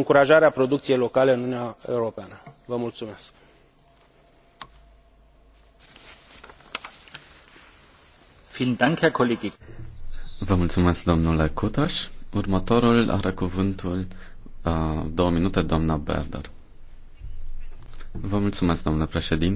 încurajarea producției locale în uniunea europeană. vă mulțumesc. Vă mulțumesc, domnule Cutaș. Următorul are cuvântul uh, două minute, doamna Berder. Vă mulțumesc, domnule președinte.